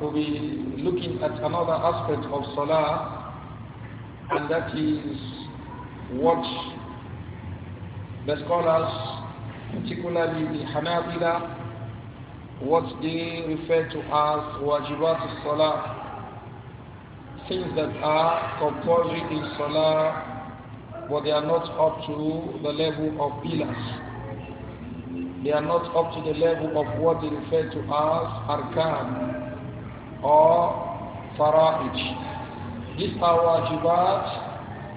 we will be looking at another aspect of Salah, and that is what the scholars, particularly the Hanabila, what they refer to as wajibat salah things that are compulsory in salah but they are not up to the level of pillars they are not up to the level of what they refer to as arkan or fara'ij. These are wajibat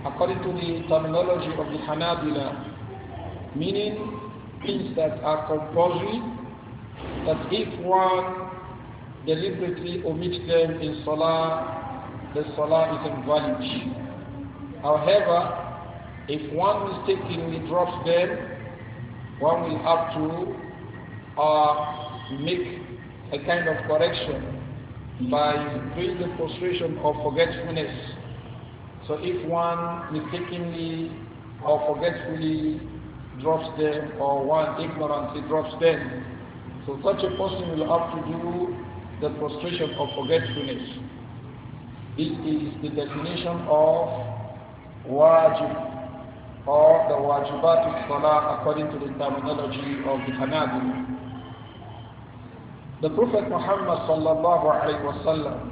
according to the terminology of the Hanabila, meaning things that are compulsory, that if one deliberately omits them in salah, the salah is invalid. However, if one mistakenly drops them, one will have to uh, make a kind of correction by doing the prostration of forgetfulness. So if one mistakenly or forgetfully drops them or one ignorantly drops them, so such a person will have to do the prostration of forgetfulness. This is the definition of wajib or the wajibat salah according to the terminology of the Hanabi. The Prophet Muhammad sallallahu alaihi wasallam,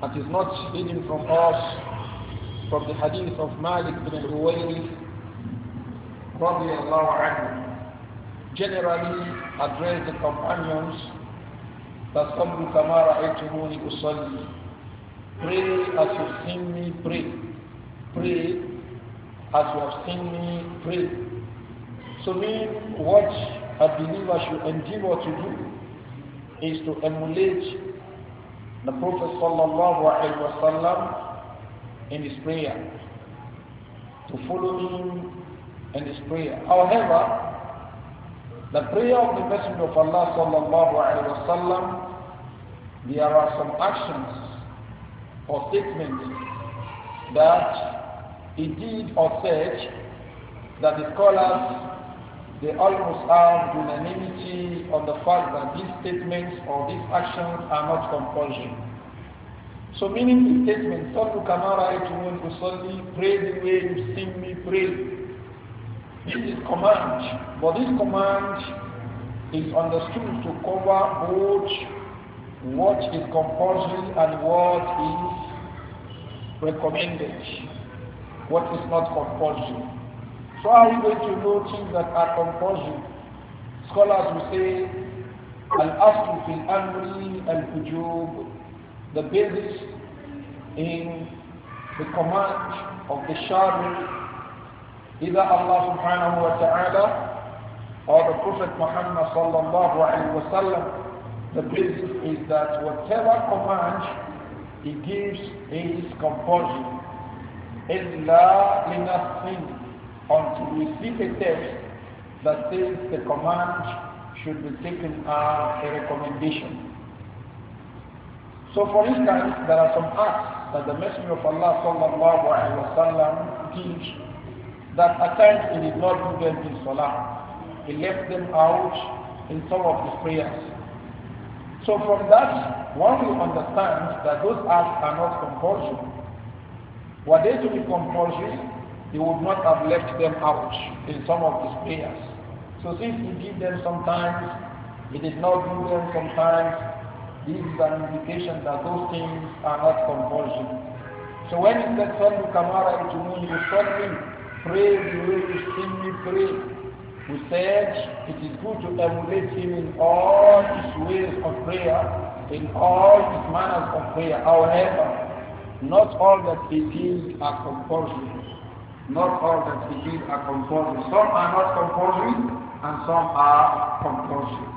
that is not hidden from us from the hadith of Malik bin Uwayli radiallahu generally addressed the companions that some kamara etumuni usalli. Pray as you've seen me pray. Pray as you have seen me pray. So mean what a believer should endeavor to do is to emulate the Prophet sallallahu alaihi wasallam in his prayer, to follow him in his prayer. However, the prayer of the Messenger of Allah sallallahu alaihi wasallam, there are some actions or statements that he did or said that the scholars they almost have unanimity on the fact that these statements or these actions are not compulsion. So meaning the statement, Sallu kamara etumun usalli, pray the way you see me pray. This is command, but this command is understood to cover both what is compulsory and what is recommended, what is not compulsory. So how to know things that are compulsory? Scholars will say, Al-Aslu fil Amri al-Ujub, the basis in the command of the Shari, either Allah subhanahu wa ta'ala or the Prophet Muhammad sallallahu alayhi wa sallam, the basis is that whatever command he gives is compulsory. إلا لنفسه until we see a text that says the command should be taken as a recommendation. So for instance, there are some acts that the Messenger of Allah sallallahu alaihi wasallam teach that at times he did not do them in Salah. He left them out in some of his prayers. So from that, one will understand that those acts are not compulsory. Were they to be compulsory, he would not have left them out in some of his prayers. So since he did them sometimes, he did not do them sometimes, this is an indication that those things are not compulsion. So when he said, Sallu Kamara Itumuni, you certainly pray the way you see me pray. We said it is good to emulate him in all his ways of prayer, in all his manners of prayer. However, not all that he did are compulsion. Not all that we are compulsory. Some are not compulsory and some are compulsory.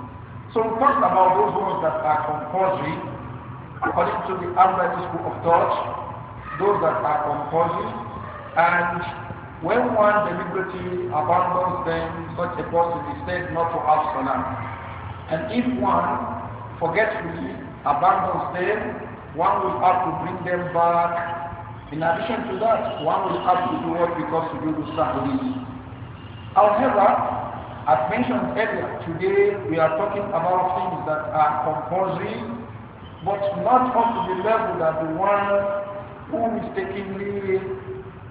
So we about those ones that are compulsory according to the Adventist school of thought, those that are compulsory and when one deliberately abandons them, such a person is said not to have salam. And if one forgetfully abandons them, one will have to bring them back in addition to that, one will have to do what we call sujood sahwi. However, as mentioned earlier, today we are talking about things that are compulsory, but not up to the level that the one who mistakenly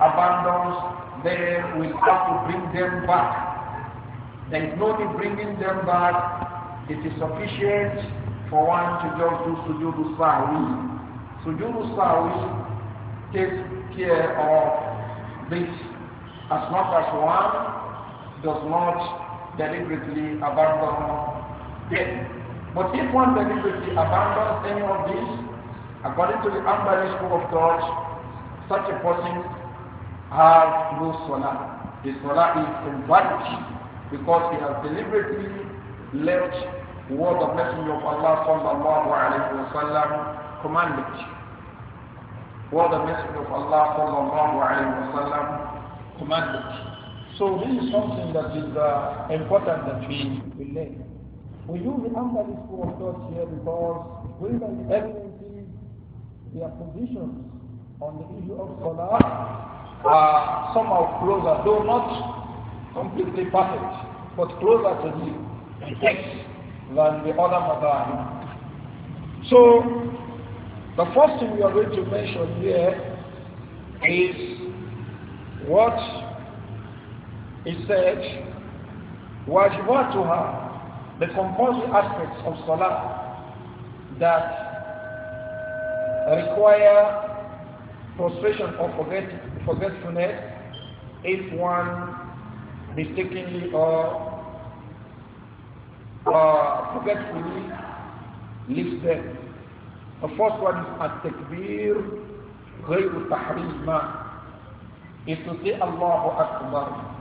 abandons them will have to bring them back. There is no need bringing them back. It is sufficient for one to just do sujood sahwi. Sujood sahwi take care of this as much as one does not deliberately abandon it. But if one deliberately abandons any of these, according to the Ambari school of thought, such a person has no salah. His salah is invalid because he has deliberately left what the Messenger of Allah sallallahu alayhi wa sallam commanded the Messenger of Allah sallallahu alayhi wa sallam commanded. So this is something that is uh, important that we, we learn. We do remember this school of thought here because women evidences their positions on the issue of Salah are somehow closer, though not completely perfect, but closer to the text than the other madhahib. So the first thing we are going to mention here is what he said, wajibatuha, the compulsory aspects of salah that require prostration or forget, forgetfulness if one mistakenly or uh, forgetfully leaves them. The first one is at-takbir غير تحريم is to say Allahu Akbar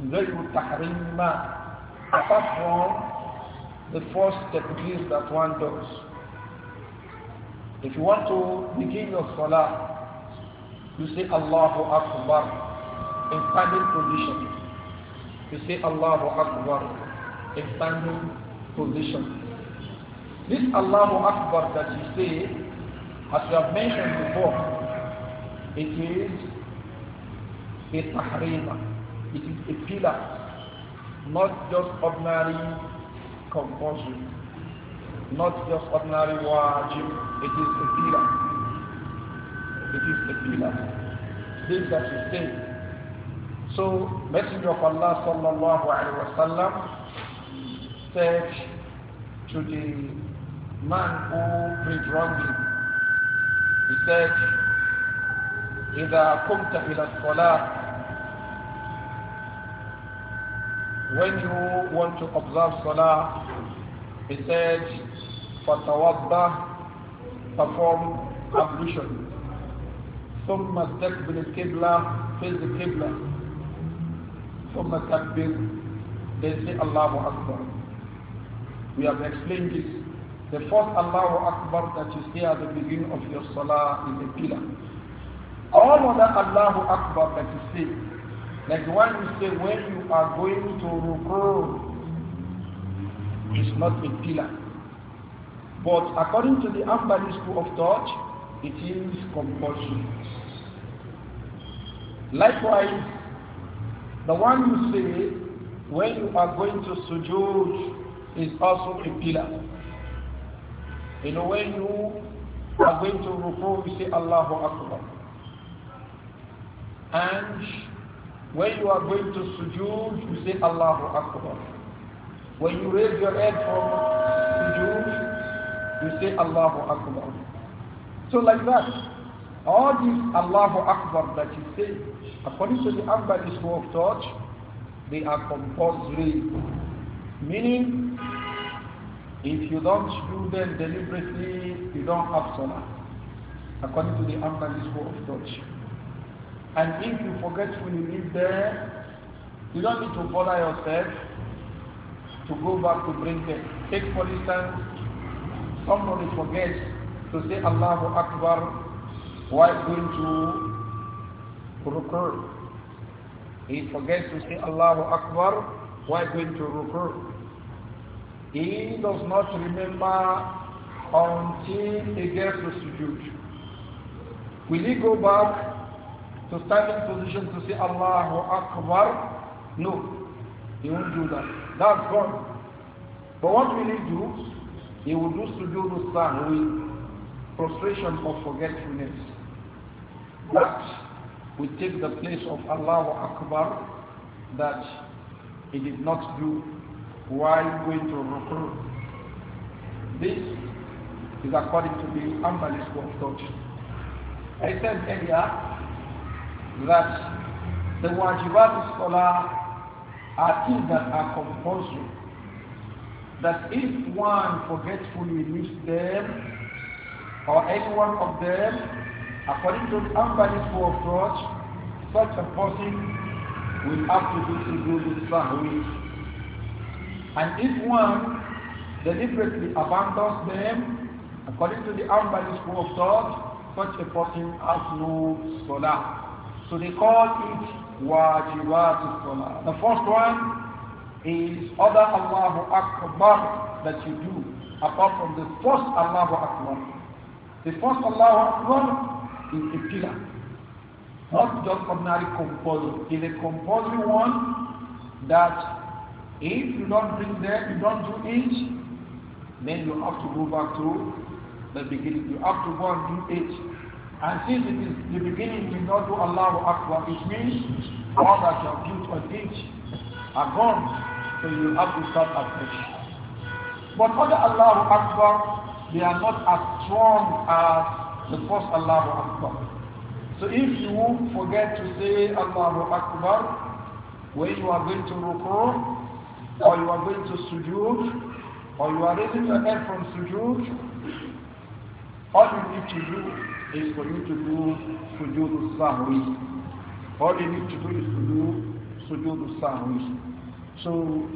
غير تحريم apart from the first takbir that one does. If you want to begin your salah, you say Allahu Akbar in standing position. You say Allahu Akbar in standing position. This Allahu Akbar that you say, as we have mentioned before, it is a tahrima. It is a pillar, not just ordinary compulsion, not just ordinary wajib. It is a pillar. It is a pillar. This that you say. So, Messenger of Allah sallallahu alaihi wasallam said to the man who prayed wrongly. He said, إذا قمت إلى الصلاة when you want to observe salah he said فتوضأ perform ablution ثم استقبل القبلة face the قبلة ثم تكبر They say Allahu Akbar we have explained this the first Allahu Akbar that you say at the beginning of your salah is a pillar. All other Allahu Akbar that you say, like the one you say when you are going to Ruku, is not a pillar. But according to the Hanbali school of thought, it is compulsory. Likewise, the one you say when you are going to sujood is also a pillar. You know, when you are going to ruku, you say Allahu Akbar. And when you are going to sujood, you say Allahu Akbar. When you raise your head from sujood, you say Allahu Akbar. So like that. All these Allahu Akbar that you say, according to the Ambali school of touch they are compulsory. Meaning, if you don't do them deliberately, you don't have salah, according to the Ahmadis school of thought. And if you forget when you leave there, you don't need to bother yourself to go back to bring them. Take for instance, somebody forgets to say Allahu Akbar while going to Rukur. He forgets to say Allahu Akbar while going to Rukur he does not remember until he gets to Will he go back to standing position to say Allahu Akbar? No, he won't do that. That's gone. But what will he do? He will do sujood with prostration of forgetfulness. That will take the place of Allahu Akbar that he did not do while going to Ruku. This is according to the Ambali school of thought. I said earlier that the Wajibat Salah are things that are compulsory. That if one forgetfully leaves them or any one of them, according to the Ambali school of thought, such a person will have to do to do Sahwi and if one deliberately abandons them, according to the Ambali school of thought, such a person has no salah. So they call it wajibat salah. The first one is other Allahu Akbar that you do, apart from the first Allahu Akbar. The first Allahu Akbar is a pillar, not just ordinary compulsory. It's a compulsory one that if you don't bring there, you don't do it, then you have to go back to the beginning. You have to go and do it. And since it is the beginning, you not do Allahu Akbar, it means all that you have built on it are gone. So you have to start afresh. But other Allahu Akbar, they are not as strong as the first Allahu Akbar. So if you forget to say Allahu Akbar, when you are going to ruku, or you are going to sujood, or you are raising your head from sujood, all you need to do is for you to do sujood sahwi. All you need to do is to do sujood sahwi. So,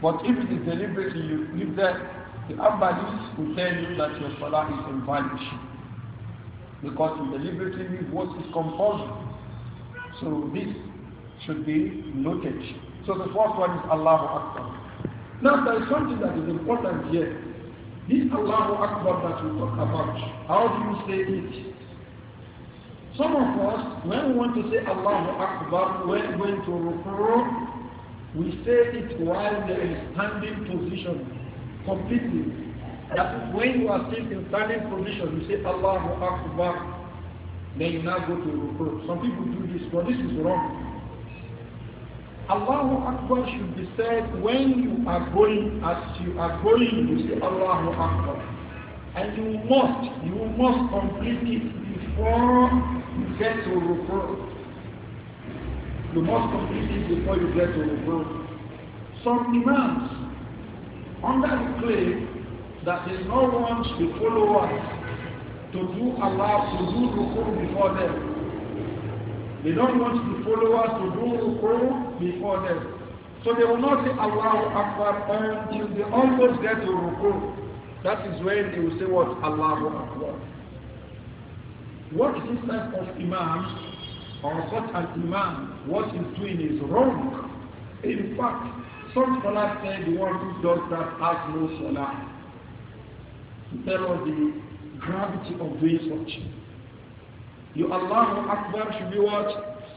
but if it is deliberately you leave that, the Abbalis will tell you that your salah is invalid because you deliberately leave what is compulsory. So this should be noted. So the first one is Allahu Akbar. Now there is something that is important here. This Allahu Akbar that we talk about, how do you say it? Some of us, when we want to say Allahu Akbar, when going to Rukru, we say it while there is standing position completely. That when you are still in standing position, you say Allahu Akbar, then you now go to Rukru. Some people do this, but this is wrong. Allahu Akbar should be said when you are going, as you are going, you say Allahu Akbar. And you must, you must complete it before you get to Rukur. You must complete it before you get to Rukur. Some demands under the claim that they no want the followers to do Allah, to do before them. They don't want the followers to do ruku before them. So they will not say Allahu Akbar until they almost get to ruku. That is when they will say what? Allahu Akbar. What this type of imam or what an imam, what he's doing is wrong. In fact, some scholars say the one who does that has no salah. To the gravity of doing such. You Allahu Akbar should be what?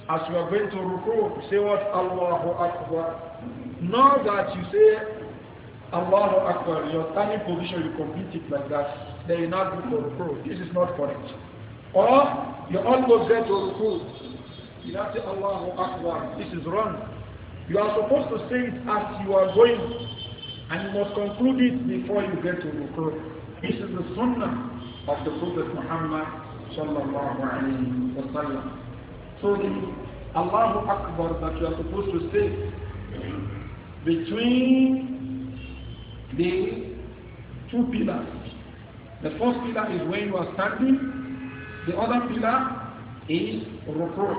As you are going to ruku, say what? Allahu Akbar. Now that you say Allahu Akbar, your standing position, you complete it like that. Then you not going to ruku. This is not correct. Or you almost get to ruku. You to say Allahu Akbar. This is wrong. You are supposed to say it as you are going. And you must conclude it before you get to ruku. This is the sunnah of the Prophet Muhammad so the Allahu Akbar that you are supposed to say between the two pillars. The first pillar is when you are standing, the other pillar is rukur.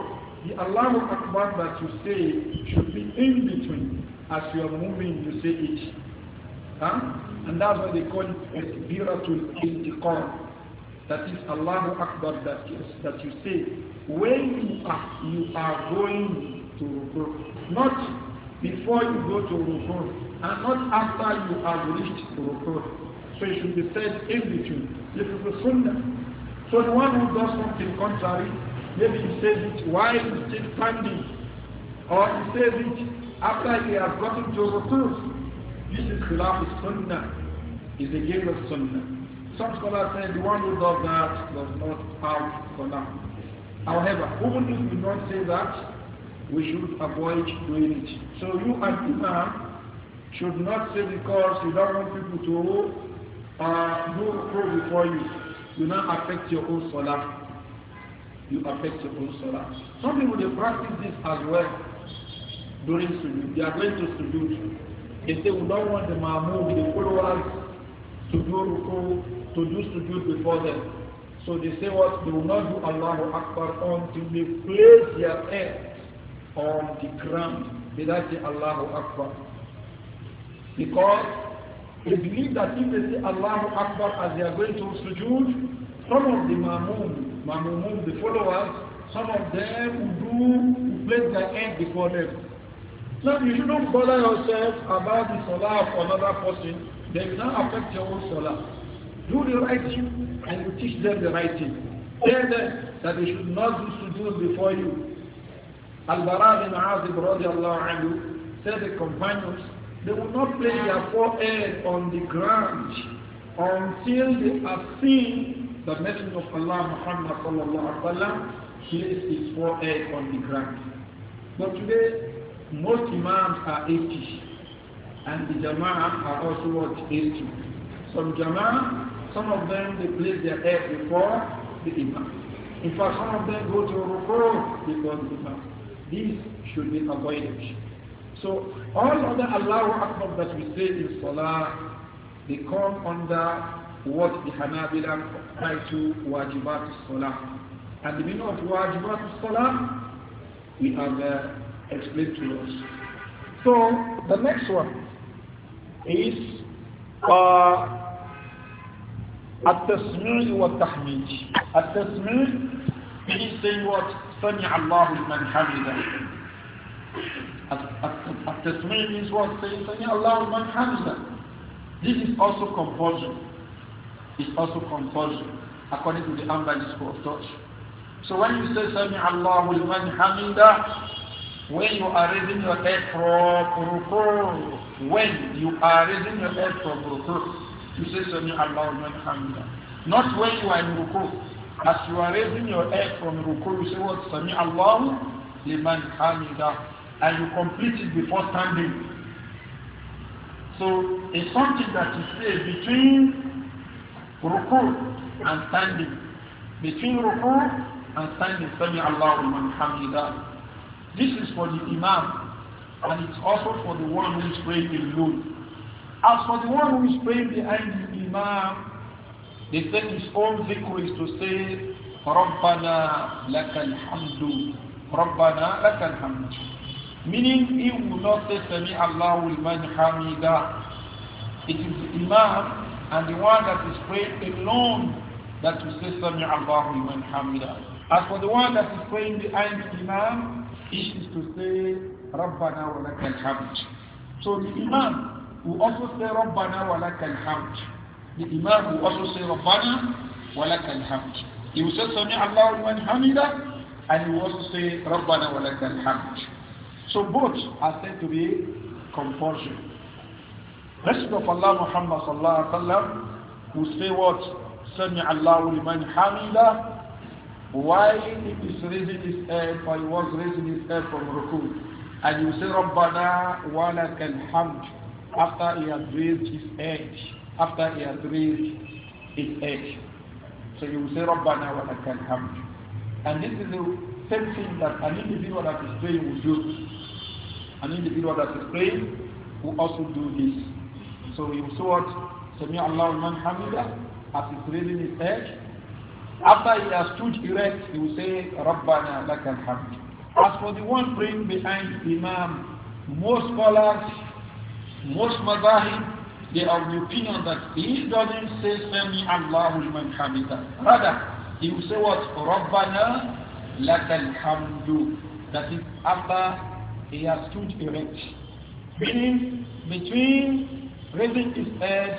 The Allah Akbar that you say should be in between. As you are moving, you say it. Huh? And that's why they call it Biratul Intiqam that is Allahu Akbar that you, that you say when you are, you are going to Rukur, not before you go to Rukur, and not after you have reached Rukur. So it should be said in between. This is the Sunnah. So the one who does something contrary, maybe he says it while he's still standing, or he says it after he has gotten to Rukur. This is Khilaf Sunnah, is the game of Sunnah. Some scholars say the one who does that does not have salah. However, even if we don't say that, we should avoid doing it. So you and Imam should not say because you don't want people to uh, do pro before you. You now affect your own salah. You affect your own salah. Some people they practice this as well during sujood. They are going to sujood. They say we don't want the Mahmoud, the followers to do ruku to do sujood before them. So they say what? They will not do Allahu Akbar until they place their head on the ground. They don't say Allahu Akbar. Because they believe that if they say Allahu Akbar as they are going to sujood, some of the mamun, mamumun, the followers, some of them will do place their hand before them. So you shouldn't bother yourself about the salah of another person. They will not affect your own salah do the right thing and you teach them the right thing. Tell them that they should not do sujood before you. Al-Bara bin Azib radiallahu anhu said the companions, they will not place their forehead on the ground until they have seen the Messenger of Allah Muhammad sallallahu alaihi wasallam place his forehead on the ground. But today, most imams are 80 and the jama'ah are also what 80. Some jama'ah some of them, they place their head before the Imam. In fact, some of them go to Rukur before the Imam. These should be avoided. So, all of the Allahu Akbar that we say in Salah, they come under what the Hanabila try to wajibat Salah. And the meaning of wajibat Salah, we have uh, explained to us. So, the next one is uh, التسميع والتحميد التسميع is saying what سمع الله لمن حمده التسميع means what saying سمع الله لمن حمده this is also compulsion is also compulsion according to the Ambali school of thought so when you say سمع الله لمن حمده when you are raising your head from rukur when you are raising your head from rukur you say Sami Allahu liman hamida. Not when you are in ruku. As you are raising your head from ruku, you say what Sami Allahu liman hamida, and you complete it before standing. So it's something that you say between ruku and standing. Between ruku and standing Sami Allahu liman hamida. This is for the Imam and it's also for the one who is praying alone. As for the one who is praying behind the Imam, they say his own zikr is to say, "Rabbana lakal hamdu, Rabbana lakal hamdu." Meaning he will not say, Allah will لِمَنْ hamida." It is the Imam and the one that is praying alone that will say, Allah will لِمَنْ hamida." As for the one that is praying behind the Imam, he is to say, رَبَّنَا lakal hamdu." So the Imam who also say Rabbana wa hamd. The Imam who also say Rabbana wa hamd. He will say Sami Allahu liman hamida and he will also say Rabbana wa hamd. So both are said to be compulsion. Rest of Allah Muhammad sallallahu alaihi wasallam who say what? Sami Allahu liman hamida why he is raising his head Why he was raising his head from ruku and you say Rabbana wa hamd after he had raised his head, after he had raised his head. So you will say, Rabbana wa lakal hamd. And this is the same thing that an individual that is praying will do. An individual that is praying will also do this. So you saw what? Sami Allah man hamida, as he's raising his head. After he has stood erect, he will say, Rabbana lakal hamd. As for the one praying behind the Imam, most scholars most madahib, they are the opinion that he doesn't say Sami Allahu liman hamida. Rather, he will say what? Rabbana lakal hamdu. That is after he has stood erect. Meaning, between raising his head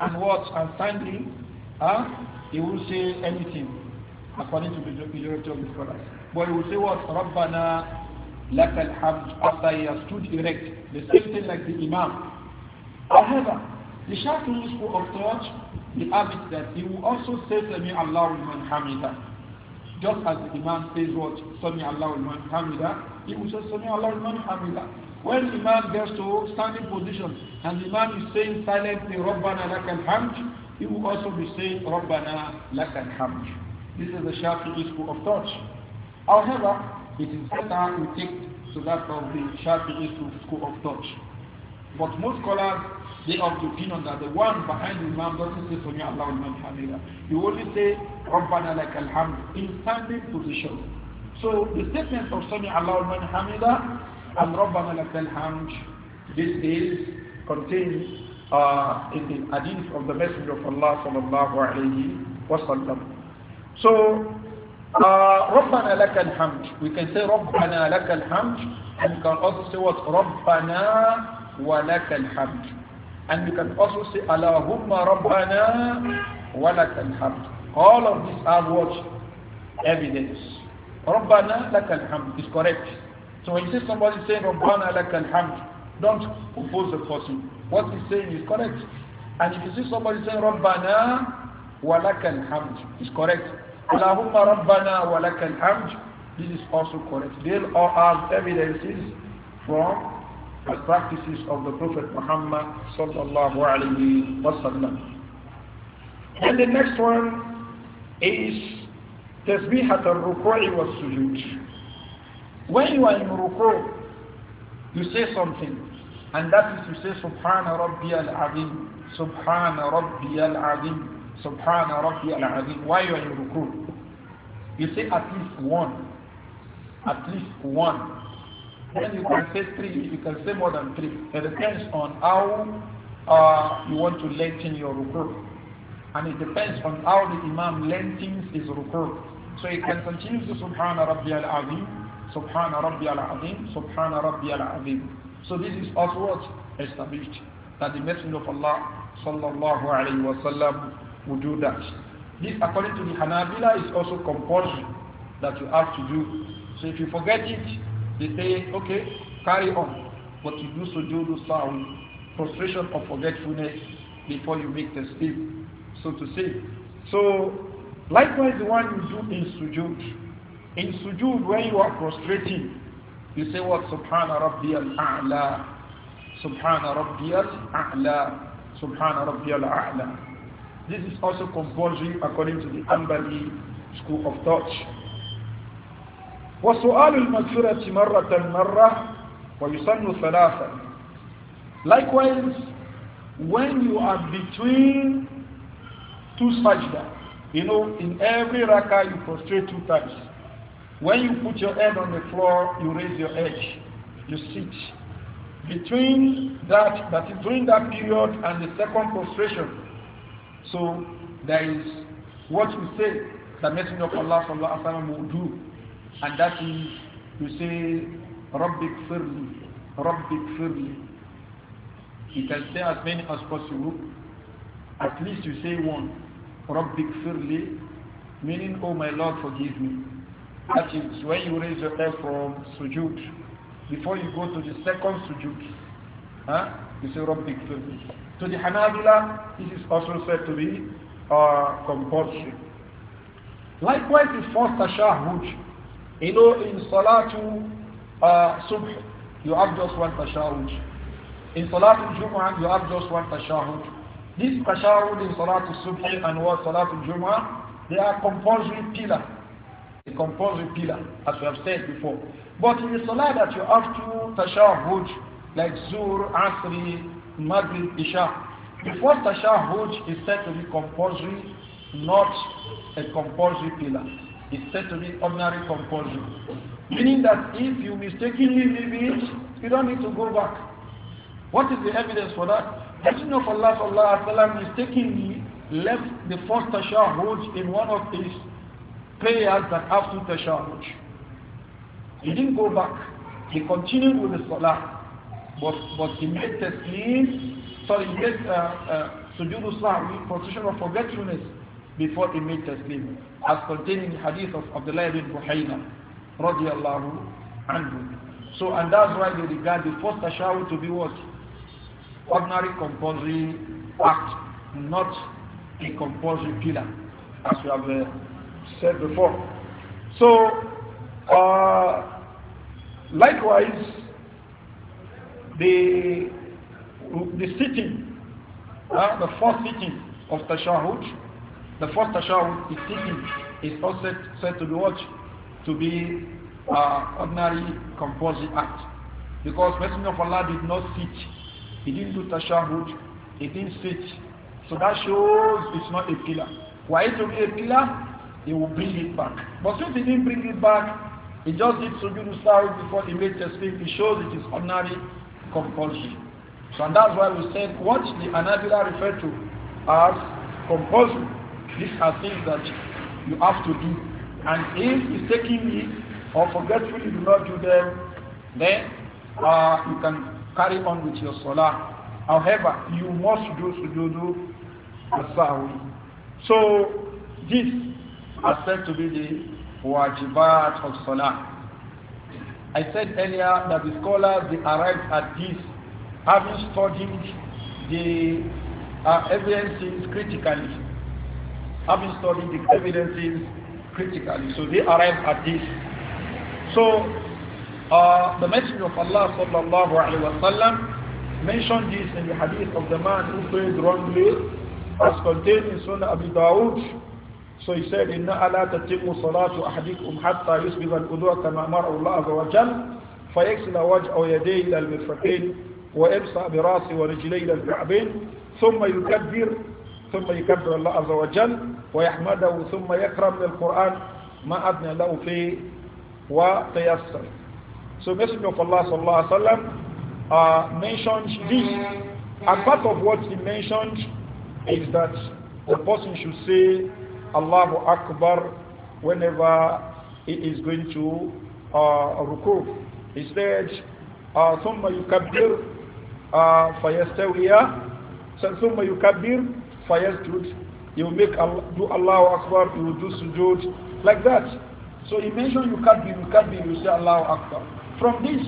and what? And standing, huh? he will say anything according to the majority of the scholars. But he will say what? Rabbana لك الحمد after he has stood erect. The same thing like the Imam. However, the Shafi'i school of thought, he added that he will also say Sami Allahu liman hamida. Just as the Imam says what Sami Allahu liman hamida, he will say Sami Allahu liman hamida. When the Imam gets to standing position and the Imam is saying silently Rabbana lakal hamd, he will also be saying Rabbana lakal hamd. This is the Shafi'i school of thought. However, it is better we take to that of the Shafi'i school of touch. But most scholars, they have the opinion that the one behind the Imam doesn't say Sonia Allah Imam Hamida. You only say Rabbana like Alhamd in standing position. So the statement of Sonia Allah Imam Hamida and Rabbana like Alhamd, this is contained uh, in the hadith of the Messenger of Allah sallallahu wa sallam. So ربنا لك الحمد we can say ربنا لك الحمد and you can also say what ربنا ولك الحمد and you can also say اللهم ربنا ولك الحمد all of these are what evidence ربنا لك الحمد is correct so when you see somebody saying ربنا لك الحمد don't oppose the person what he's saying is correct and if you see somebody saying ربنا ولك الحمد is correct Allahumma Rabbana wa laka alhamd. This is also correct. They all have evidences from the practices of the Prophet Muhammad sallallahu alaihi wasallam. And the next one is tasbihat al-ruku'i wa sujood. When you are in ruku', you say something. And that is to say, Subhana Rabbi al-Azim, Subhana Rabbi al-Azim, Subhana Rabbi al-Azim. Why you are in ruku'? You say at least one. At least one. Then you can say three, you can say more than three. It depends on how uh, you want to lengthen your rukur. And it depends on how the Imam lengthens his rukur. So you can continue to Subhana Rabbi al Azim, Subhana Rabbi al Azim, Subhana Rabbi al Azim. So this is also what established that the Messenger of Allah sallallahu alayhi wa sallam would do that. This, according to the Hanabila, is also compulsory that you have to do. So if you forget it, they say, okay, carry on. But you do so do the sound, frustration or forgetfulness before you make the step, so to say. So likewise, the one you do in sujood. In sujood, when you are prostrating, you say what? Subhana Rabbi al-A'la. Subhana Rabbi al-A'la. Subhana Rabbi al-A'la. This is also compulsory according to the Ambali school of thought. وسؤال المغفرة مرة مرة ويسن ثلاثا Likewise, when you are between two sajda, you know, in every rakah you prostrate two times. When you put your head on the floor, you raise your edge, you sit. Between that, that is during that period and the second prostration, so there is what you say the Messenger of Allah sallallahu alaihi wasallam will do, and that is you say Rabbik firli, Rabbik firli. You can say as many as possible. At least you say one, Rabbik firli, meaning Oh my Lord, forgive me. That is when you raise your head from sujood. Before you go to the second sujood, huh? you say Rabbik firli. To the Hanabila, this is also said to be uh, compulsory. Likewise, the first tashahhud, you know, in Salatu uh, Subh, you have just one tashahhud. In Salatu Jumu'ah, you have just one tashahhud. This tashahhud in Salatu Subh and what Salatu Jumu'ah, they are compulsory pillar. A compulsory pillar, as we have said before. But in the that you have two tashahhud, like Zuhr, Asri, Maghrib, Isha. The first tashahhud is said to be compulsory, not a compulsory pillar. It's said to be ordinary compulsory. Meaning that if you mistakenly leave it, you don't need to go back. What is the evidence for that? Messenger of Allah sallallahu alayhi mistakenly left the first tashahhud in one of his prayers that after tashahhud. He didn't go back. He continued with the salah. But, but he made taslim, sorry, he made uh, uh, sujood position of forgetfulness before he made taslim, as containing the hadith of Abdullah ibn Buhayna, radiallahu anhu. So, and that's why they regard the first tashahud to be what? Ordinary compulsory act, not a compulsory pillar, as we have uh, said before. So, uh, likewise, the, the sitting, uh, the first sitting of tashahud, the first tashahud is sitting, is also said to be what? To be uh, ordinary compulsory act. Because Messenger of Allah did not sit. He didn't do tashahud. He didn't sit. So that shows it's not a pillar. Why it will be a pillar? He will bring it back. But since he didn't bring it back, he just did sujood before he made tasbih. It shows it is ordinary compulsion. So and that's why we said what the Anabila referred to as compulsion. These are things that you have to do. And if it or forgetfully do not do them, then uh, you can carry on with your salah. However, you must do sujudu as So this are said to be the wajibat of salah. I said earlier that the scholars they arrived at this having studied the uh, evidences critically, having studied the evidences critically. So they arrived at this. So uh, the Messenger of Allah sallallahu alaihi wasallam mentioned this in the hadith of the man who prayed wrongly as contained in Sunnah Abu Dawud So he said, إِنَّ أَلَا تَتِمُّ صَلَاةُ أَحْدِكُمْ حَتَّى يُسْبِغَ الْأُذُوَ كَمَا أَمَرَ اللَّهُ عَزَ وَجَلَّ فيكسل وجهه يديه إلى المرفقين ويمسح براسه ورجليه إلى الكعبين ثم يكبر ثم يكبر الله عز وجل ويحمده ثم يقرأ للقرآن ما أبنى له فيه وتيسر So Messenger of Allah sallallahu alaihi wasallam uh, mentioned this and part of what he mentioned is that the person should say Allahu Akbar whenever he is going to uh, ruku. He said, ثم يكبر فيستوي ثم يكبر فيسجد you make do Allahu Akbar, you do sujood, like that. So he mentioned you can't be, you can't be, you say Allahu Akbar. From this,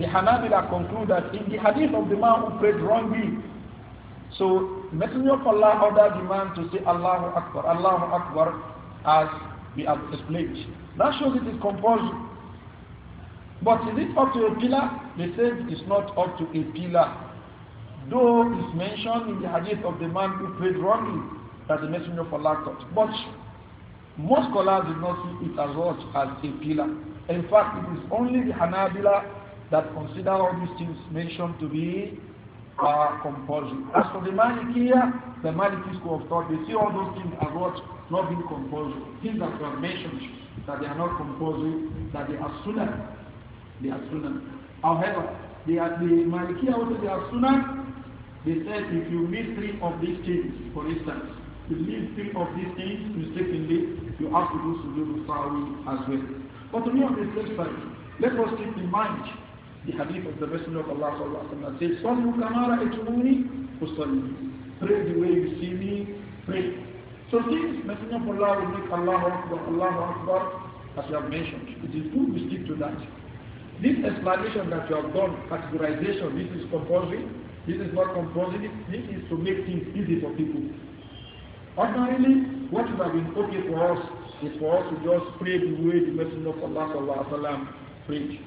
the Hanabila conclude that in the hadith of the man who prayed wrongly, so Messenger of Allah ordered the man to say Allahu Akbar, Allahu Akbar as we have explained. That shows it is compulsory. But is it up to a pillar? They said it's not up to a pillar. Though it's mentioned in the hadith of the man who prayed wrongly that the Messenger of Allah taught. But most scholars did not see it as much as a pillar. In fact, it is only the Hanabila that consider all these things mentioned to be are compulsory. As for the Malikiya, the Maliki school of thought, you see all those things are what not being compulsory. Things that were mentioned that they are not compulsory, that they are sunnah. They are sunnah. However, they are, the Malikiya also they are sunnah. They said if you miss three of these things, for instance, you leave three of these things mistakenly, you have to do sujood as well. But to me on the flip side, let us keep in mind the hadith of the Messenger of Allah sallallahu says, Sallu kamara etumuni, usalli. Pray the way you see me, pray. So things, Messenger of Allah will make Allah, Akbar, Allah Akbar, as you have mentioned. It is good we stick to that. This explanation that you have done, categorization, this is compulsory, this is not compulsory, this is to make things easy for people. Ordinarily, what would have been okay for us is for us to just pray the way the Messenger of Allah sallallahu prayed.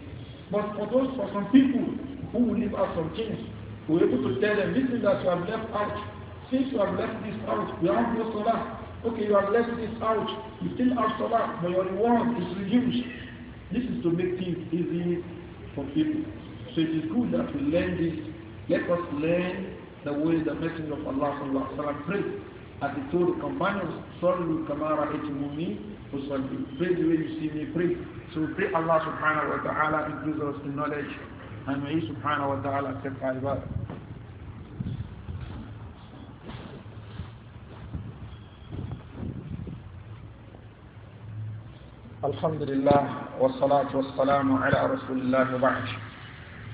But for those, for some people who will leave out some things, we're able to tell them, this is that you have left out. Since you have left this out, you have no salah. Okay, you have left this out. You still have salah, but your reward is reduced. This is to make things easy for people. So it is good that we learn this. Let us learn the way the message of Allah pray. as he told the companions, Sallu kamara etimumi, usalli. Pray the way you see me pray. So we pray Allah subhanahu wa ta'ala increase us in knowledge. And may subhanahu wa ta'ala accept our ibadah. الحمد لله والصلاة والسلام على رسول الله وبعد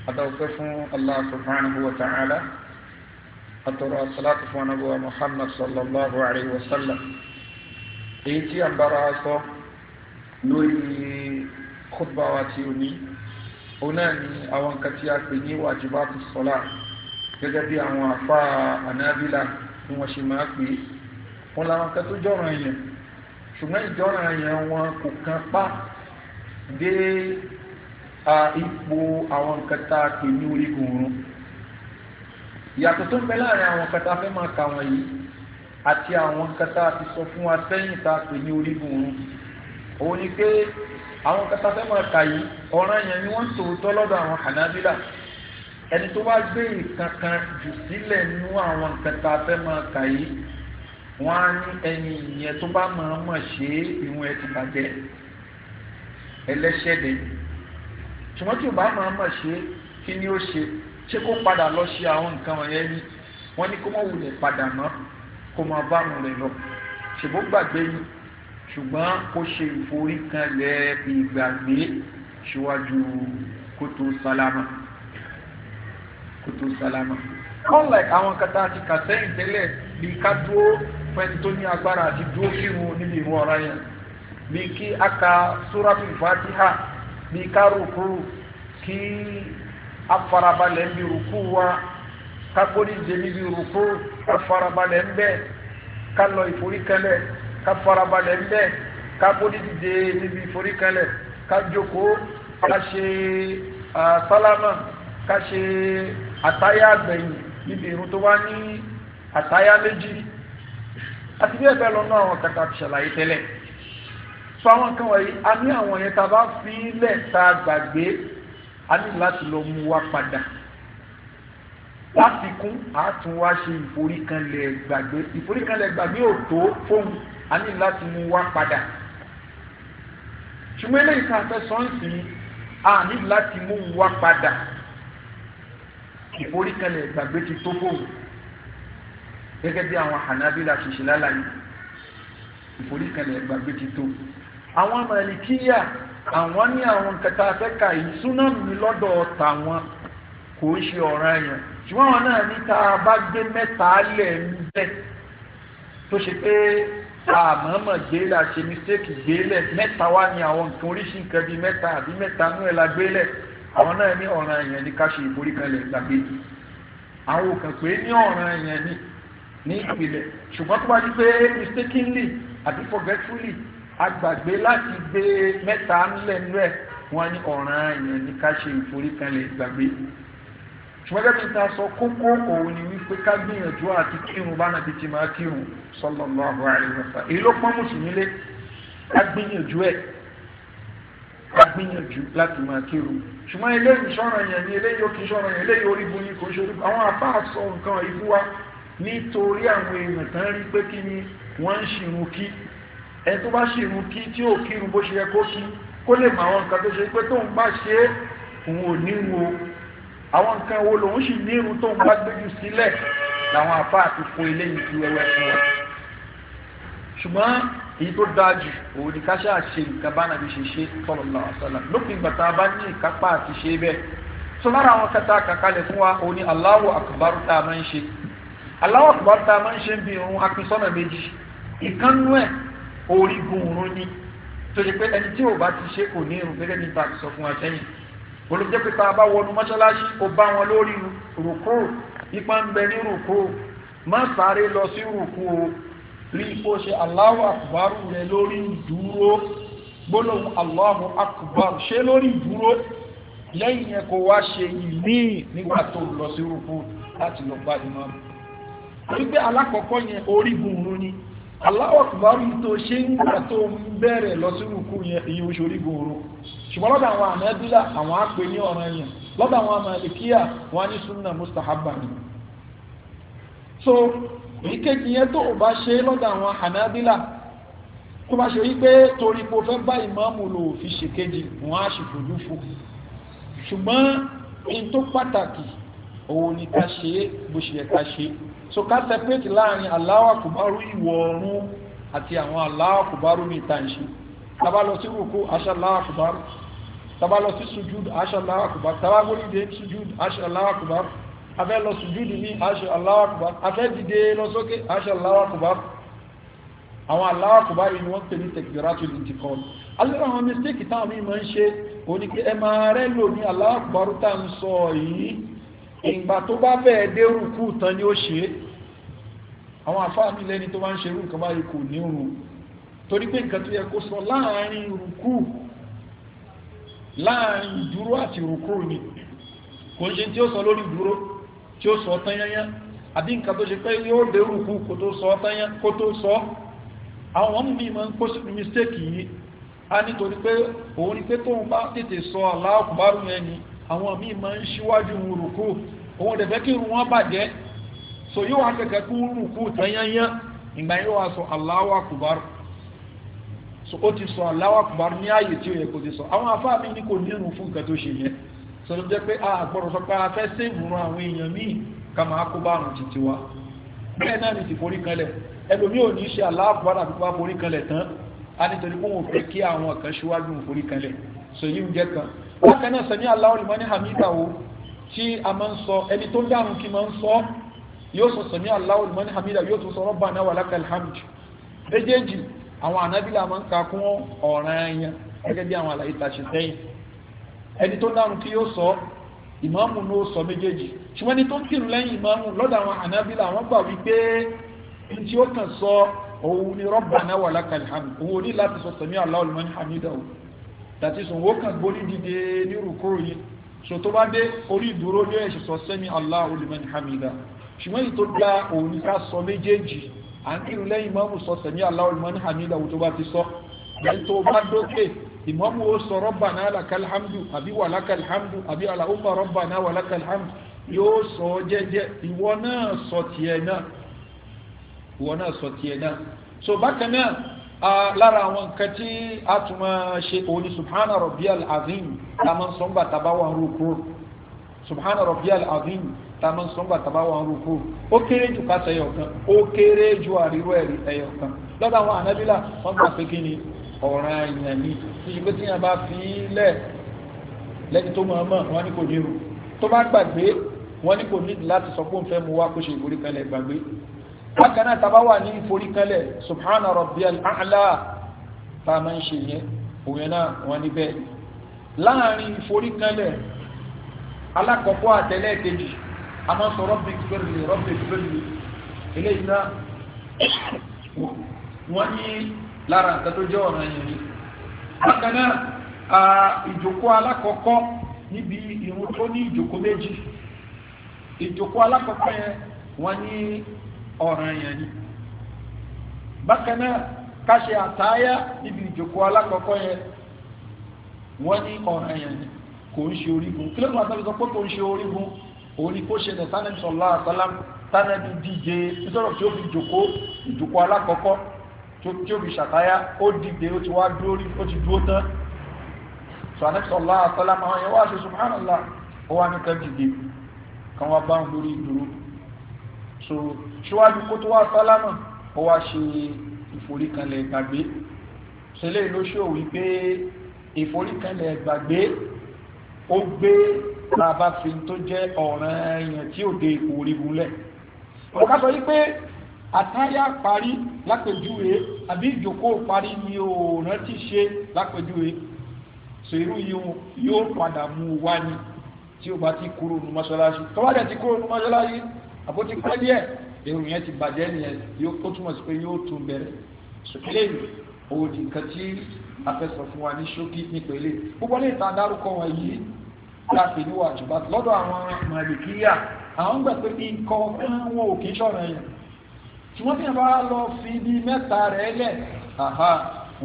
أدعوكم الله سبحانه وتعالى àtọ̀rọ̀ àṣàlátì fún anábọ̀wá Muhammad sallallahu alayhi wa sallam èyí tí a ń bára sọ lórí khutba wa tí o ní òun náà ni àwọn nǹkan tí a pè ní wàjibátù sọlá gẹ́gẹ́ bí àwọn àfa anábìlà tí wọ́n ṣe máa pè é wọn làwọn nǹkan tó jọ̀ràn yẹn ṣùgbọ́n ìjọ̀ràn yẹn wọn kò kan pa dé ipò àwọn nǹkan tá a pè ní orígun òrùn ìyàtọ̀ tó ń bẹ láàrin àwọn kẹta fẹ́ máa kà wọ́n yìí àti àwọn kẹta ti sọ fún wa sẹ́yìn tá a pè ní orígun òun òun ni pé àwọn kẹta fẹ́ máa kà yìí ọ̀ràn yẹn ni wọ́n tòótọ́ lọ́dọ̀ àwọn Hanabila ẹni tó bá gbé ìkankan jù sílẹ̀ nú àwọn kẹta fẹ́ máa kà yìí wọ́n á ní ẹni ìyẹn tó bá máa mọ̀ ṣe é ìwọ̀n ẹ̀ ti bàjẹ́ ẹlẹ́ṣẹ̀dẹ̀ ṣùgbọ́n tí ò bá máa mọ̀ ṣe kí ni ó ṣe ṣé kó padà lọ ṣe àwọn nǹkan wọ̀nyẹn ni wọ́n ní kó mọ̀ wulẹ̀ padà mọ́ kó mọ̀ bá wọn rẹ̀ lọ ṣèbó gbàgbé ni ṣùgbọ́n kó ṣe ìforíkanlẹ̀ ìgbàgbé ṣíwájú kótó sálámà kótó sálámà unlike àwọn kata àti kàsẹ́yìn tẹ́lẹ̀ bí ká dúró fẹ́ni tó ní agbára àti dúró kírun níbi ìwọ̀n ọ̀rá yẹn bí kí a ka súrátù bí ká rúkú kí afarabalẹ̀ ń bi rúkú wa kakori jeli bi rúkú afarabalẹ̀ ń bẹ kalọ ìforíkalẹ̀ kafarabalẹ̀ ń bẹ kakori dìde níbi ìforíkalẹ̀ kajoko kase salama kase ataya gbẹ̀yìn níbi irun tó wá ní ataya méjì àti bí ẹ̀fẹ́ lọ́nà àwọn kàkà ṣàlàyé tẹ́lẹ̀ sọ àwọn kan wọ̀nyí a àwọn yẹn tá a bá fi lẹ̀ tá a gbàgbé a ní láti lọ mú wa padà láti kún a tún wá ṣe ìforíkanlẹ̀ gbàgbé ìforíkanlẹ̀ gbàgbé ò tó fóun a ní láti mú wa padà ṣùgbọ́n eléyìí tá a fẹ́ sọ ń sìn a ní láti mú wa padà ìforíkanlẹ̀ gbàgbé ti tó fóun gẹ́gẹ́ bí àwọn Hanabila ṣe ṣe lálàyé ìforíkanlẹ̀ gbàgbé ti tó àwọn Màlíkíyà àwọn ní àwọn kẹta afẹ́ka yìí súná mi lọ́dọ̀ tàwọn kò ń ṣe ọ̀ràn yẹn ṣùgbọ́n àwọn náà ní tá a bá gbé mẹ́ta lẹ̀ ń bẹ̀ tó ṣe pé àmọ́mọ́ gbélé àṣe mistake gbélé mẹ́ta wá ní àwọn nǹkan oríṣi nǹkan bíi mẹ́ta àbí mẹ́ta nú ẹ̀ la gbélé àwọn náà ní ọ̀ràn yẹn ní ká ṣe ìforí kan lẹ̀ gbàgbé àwọn òkàn pé ní ọ̀ràn yẹn ní ìpìlẹ̀ ṣùgbọ́n tó bá di pé mistakenly àti forgetfully agbàgbé láti gbé mẹ́ta ńlẹ̀ ńlẹ̀ wọ́n ní ọ̀ràn èèyàn ní ká ṣe ìforíkanlẹ̀ ìgbàgbé ṣùgbọ́n gẹ́gẹ́ ta sọ kókó òun ni wípé ká gbìyànjú àti kírun bá nàbí ti máa kírun sallallahu alaihi wasallam èyí ló pọ́n mùsùlùmí lé ká gbìyànjú ẹ̀ ká gbìyànjú láti máa kírun ṣùgbọ́n eléyìí sọ̀rọ̀ yẹn ni eléyìí ó kí sọ̀rọ̀ yẹn eléyìí orí bu yín kò ṣe orí bu àwọn afá sọ nǹkan ìbú nítorí àwọn èèyàn tán rí pé kí ni wọ́n ń ṣìrun kí ẹni tó bá ṣe irun kí tí ò kírun bó ṣe yẹ kó kí kó lè mọ àwọn nǹkan tó ṣe pé tóun bá ṣe é òun ò ní wo àwọn nǹkan wo lòun sì ní irun tóun bá gbéjú sílẹ̀ làwọn afá àti fún eléyìí ti wẹ́wẹ́ fún wa ṣùgbọ́n èyí tó dáa jù òun ni ká ṣáà nǹkan bá nàbí ṣe ṣe sallallahu alaihi wasallam lópin ìgbà tá a bá ní ìkápá àti ṣe bẹ́ẹ̀ tó lára àwọn kẹta kàkálẹ̀ fún wa òun ni Allahu akbar tá a máa ń ṣe Allahu akbar tá a máa ń ṣe ń bí irun apinsọ́nà méjì ìkànnú ẹ̀ orígun òun ni tó ṣe pé ẹni tí ò bá ti ṣe kò ní irun gẹ́gẹ́ bí ta sọ fún wa sẹ́yìn olùjẹ́ pé tá a bá wọnú mọ́ṣáláṣí ó bá wọn lórí rùkú ipa ń bẹ ní rùkú má sáré lọ sí rùkú o rí ipò ṣe Allahu akbar rẹ lórí ìdúró gbólóhùn Allahu akbar ṣe lórí ìdúró lẹ́yìn yẹn kó wá ṣe ìní nígbà tó lọ sí rùkú láti lọ gbádùn náà wípé alákọ̀ọ́kọ́ yẹn orígun òun ni. Allahu Akbar tó ṣe ń gbà tó ń bẹ̀rẹ̀ lọ sí rúkú yẹn èyí oṣù orí gòòrò ṣùgbọ́n lọ́dọ̀ àwọn àmẹ́bílà àwọn àpè ní ọ̀ràn yẹn lọ́dọ̀ àwọn àmàlìkíyà wọn ní súnà mustahaba ni. so ìkejì yẹn tó o bá ṣe lọ́dọ̀ àwọn àmẹ́bílà tó bá ṣe rí pé torí pé o fẹ́ bá ìmáàmù lò fi ṣèkejì wọn á ṣì fojú fo ṣùgbọ́n ohun tó pàtàkì òun ni ká ṣe é bó ṣe yẹ ká ṣe é so ká separate láàrin Allahu Akbaru ìwọ̀ ọ̀run àti àwọn Allahu Akbaru ní ìta ìṣe tàbá lọ sí rúkú aṣọ Allahu Akbaru tàbá lọ sí sujud aṣọ Allahu Akbaru tàbá gbóni dé sujud aṣọ Allahu Akbaru afẹ́ lọ sujud ní aṣọ Allahu Akbaru afẹ́ dìde lọ sókè aṣọ Allahu Akbaru àwọn Allahu Akbaru ni wọ́n pè ní takbiratul intiqal alẹ́rọ àwọn mistake táwọn mímọ́ ń ṣe òní ẹ máa rẹ́ lò ní Allahu Akbaru tá sọ yìí ìgbà tó bá bẹ́ẹ̀ dérú kú tán ni ó ṣe é àwọn àfáàmì lẹ́ni tó bá ń ṣe nǹkan báyìí kò ní rùn torí pé nǹkan tó yẹ kó sọ láàrin rùkú láàrin ìdúró àti rùkú ni kò ṣe tí ó sọ lórí ìdúró tí ó sọ tányányá àbí nǹkan tó ṣe pé yóò dé rùkú kó tó sọ tányá kó tó sọ àwọn míì máa ń kó sí mistake yìí a nítorí pé òun ni pé tóun bá tètè sọ aláàkùbárùn ẹni àwọn míì máa ń ṣíwájú rùkú òun dẹ̀ fẹ́ kí irun wọn bàjẹ́ so yóò wá kẹ̀kẹ́ kú rùkú tẹ́yányán ìgbà yóò wá sọ Allahu Akbar so ó ti sọ Allahu Akbar ní ààyè tí ó yẹ kó ti sọ àwọn afá mi ní kò nírun fún nǹkan tó ṣe yẹn so ló jẹ́ pé a gbọ́dọ̀ sọ pé a fẹ́ sèwù ran àwọn èèyàn míì ká máa kó bá àrùn títí wa bẹ́ẹ̀ náà ní ti forí kanlẹ̀ ẹlòmíì ò ní ṣe Allahu so yìí ń bákan náà sami Allahu liman hamidahu tí a máa ń sọ ẹni tó ń dáhùn kí máa ń sọ yóò sọ sami Allahu liman hamidahu yóò tún sọ rabbana walakal hamd méjèèjì àwọn ànábìlà máa ń ka kún ọ̀ràn ẹ̀yàn gẹ́gẹ́ bí àwọn àlàyé tàṣì sẹ́yìn ẹni tó dáhùn kí yóò sọ ìmáàmù ló sọ méjèèjì ṣùgbọ́n ẹni tó ń kírun lẹ́yìn ìmáàmù lọ́dọ̀ that is òun ó kàn gbórí dìde nírùkúrò yìí so tó bá dé orí ìdúró lé ẹ̀ṣẹ̀ sọ sẹ́mi Allahu liman hamida ṣùgbọ́n èyí tó gba òun ní ká sọ méjèèjì à ń kírun lẹ́yìn ìmáàmù sọ sẹ́mi Allahu liman hamida òun tó bá ti sọ lẹ́yìn tó bá dókè ìmáàmù ó sọ rabbana lakal hamdu àbí wa lakal àbí Allahumma rabbana wa lakal hamdu yóò sọ jẹ́jẹ́ ìwọ náà sọ tiẹ̀ náà lára àwọn nǹkan tí a tún máa ṣe òní subhana rabbiyal azim tá a máa ń sọ nígbà tá a bá wà ń rúkú subhana rabbiyal azim tá a máa ń sọ nígbà tá a bá wà ń rúkú ó kéré jù pàṣẹ ẹyọ kan ó kéré ju àríwá ẹ̀rí ẹyọ kan lọ́dọ̀ àwọn ànábìlà wọ́n gbà pé kí ni ọ̀ràn èèyàn ni ṣíṣe pé tí yẹn bá fi lẹ̀ lẹ́ni tó máa mọ̀ wọ́n ní kò ní rú tó bá gbàgbé wọ́n ní kò ní láti sọ pé òun fẹ́ mu wá kó ṣe ìgbórí kan lẹ̀ gbàgbé bákan náà tàbá wà ní ìforíkalẹ̀ subhana rabbiyal a'la tá a máa ń ṣe yẹn òun náà wọ́n ní bẹ́ẹ̀ láàrin ìforíkalẹ̀ alákọ̀ọ́kọ́ àtẹlẹ́ẹ̀kejì a máa sọ rọ́bì fẹ́rẹ̀lì rọ́bì fẹ́rẹ̀lì eléyìí náà wọ́n ní lára nǹkan tó jẹ́ ọ̀ràn yẹn ni bákan náà ìjókòó alákọ̀ọ́kọ́ níbi ìrun tó ní ìjókòó méjì ìjókòó alákọ̀ọ́kọ́ yẹn wọ́n ní ọ̀ràn yẹn ni bákan náà ká ṣe àtáyá níbi ìjòkó alákọ̀ọ́kọ́ yẹn wọ́n ní ọ̀ràn yẹn ni kò ń ṣe orígun kí ló ń wá sábẹ́ sọ pé kò ń ṣe orígun òun ni kó ṣe ní sanadi sọlá àtàlám sanadi díje nítorí tí ó fi jòkó ìjòkó alákọ̀ọ́kọ́ tí ó fi ṣàtáyá ó dìde ó ti wá dúró ó ti dúró tán sanadi sọlá àtàlám àwọn yẹn wá ṣe subhanallah ó wá ní ká dìde kan wá bá ń lórí ìdúró so ṣíwájú kó tó wá sálámà ó wá ṣe ìforíkanlẹ̀ gbàgbé ṣẹlẹ̀ ló ṣó wípé ìforíkanlẹ̀ gbàgbé ó gbé bàbá fi tó jẹ́ ọ̀ràn èèyàn tí ò de ipò orí gúnlẹ̀ ọ̀ká sọ wípé àtáyà parí lápèjúwe àbí ìjòkó parí ni ò rántí ṣe lápèjúwe so irú yóò padà mú wá ni tí ó bá ti kúrò ní mọ́ṣáláṣí tó bá dẹ̀ ti kúrò ní mọ́ṣáláṣí àbótí pẹ́ díẹ̀ èrò yẹn ti bàjẹ́ nìyẹn ó túmọ̀ sí pé yóò tún bẹ̀rẹ̀ sùpìlẹ̀ òun ni nǹkan tí a fẹ́ sọ fún wa ní ṣókí nípa ilé gbogbo ní ìta dárúkọ wọn yìí láti ní wà jùlọ lọ́dọ̀ àwọn màlìkíyà àwọn gbà pé kí nǹkan ọkùnrin wọn ò kí ń ṣọ̀rọ̀ yẹn tí wọ́n fi bá lọ fi bí mẹ́ta rẹ̀ lẹ̀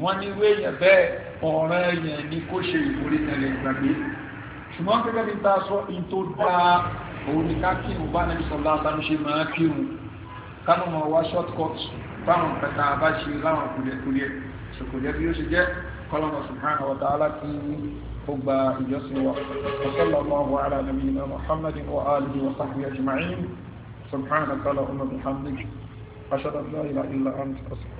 wọ́n ní ìwé yẹn bẹ́ẹ̀ ọ̀rọ̀ yẹn ni kó ṣe ìforí tẹ̀lé ìgbàgbé ṣùgbọ́n gẹ́gẹ́ òun ni ká kírun bá nàbí sọlá àtàwọn ṣe máa kírun kánú máa wá short cut báwọn pẹ̀ta bá ṣe láwọn kùdìẹ̀kùdìẹ̀ ṣòkòdìẹ̀ bí ó ṣe jẹ́ kọ́lọ́mọ̀ subhanahu wa ta'ala ti ó gba ìjọsìn wa sallallahu ala nabiyyina muhammadin wa alihi wa sahbihi ajma'in subhanaka allahumma bihamdik ashhadu an la ilaha illa anta astaghfiruka